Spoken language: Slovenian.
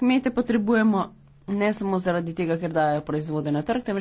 kmete potrebujemo ne samo zaradi tega, ker dajo proizvode na trg, temveč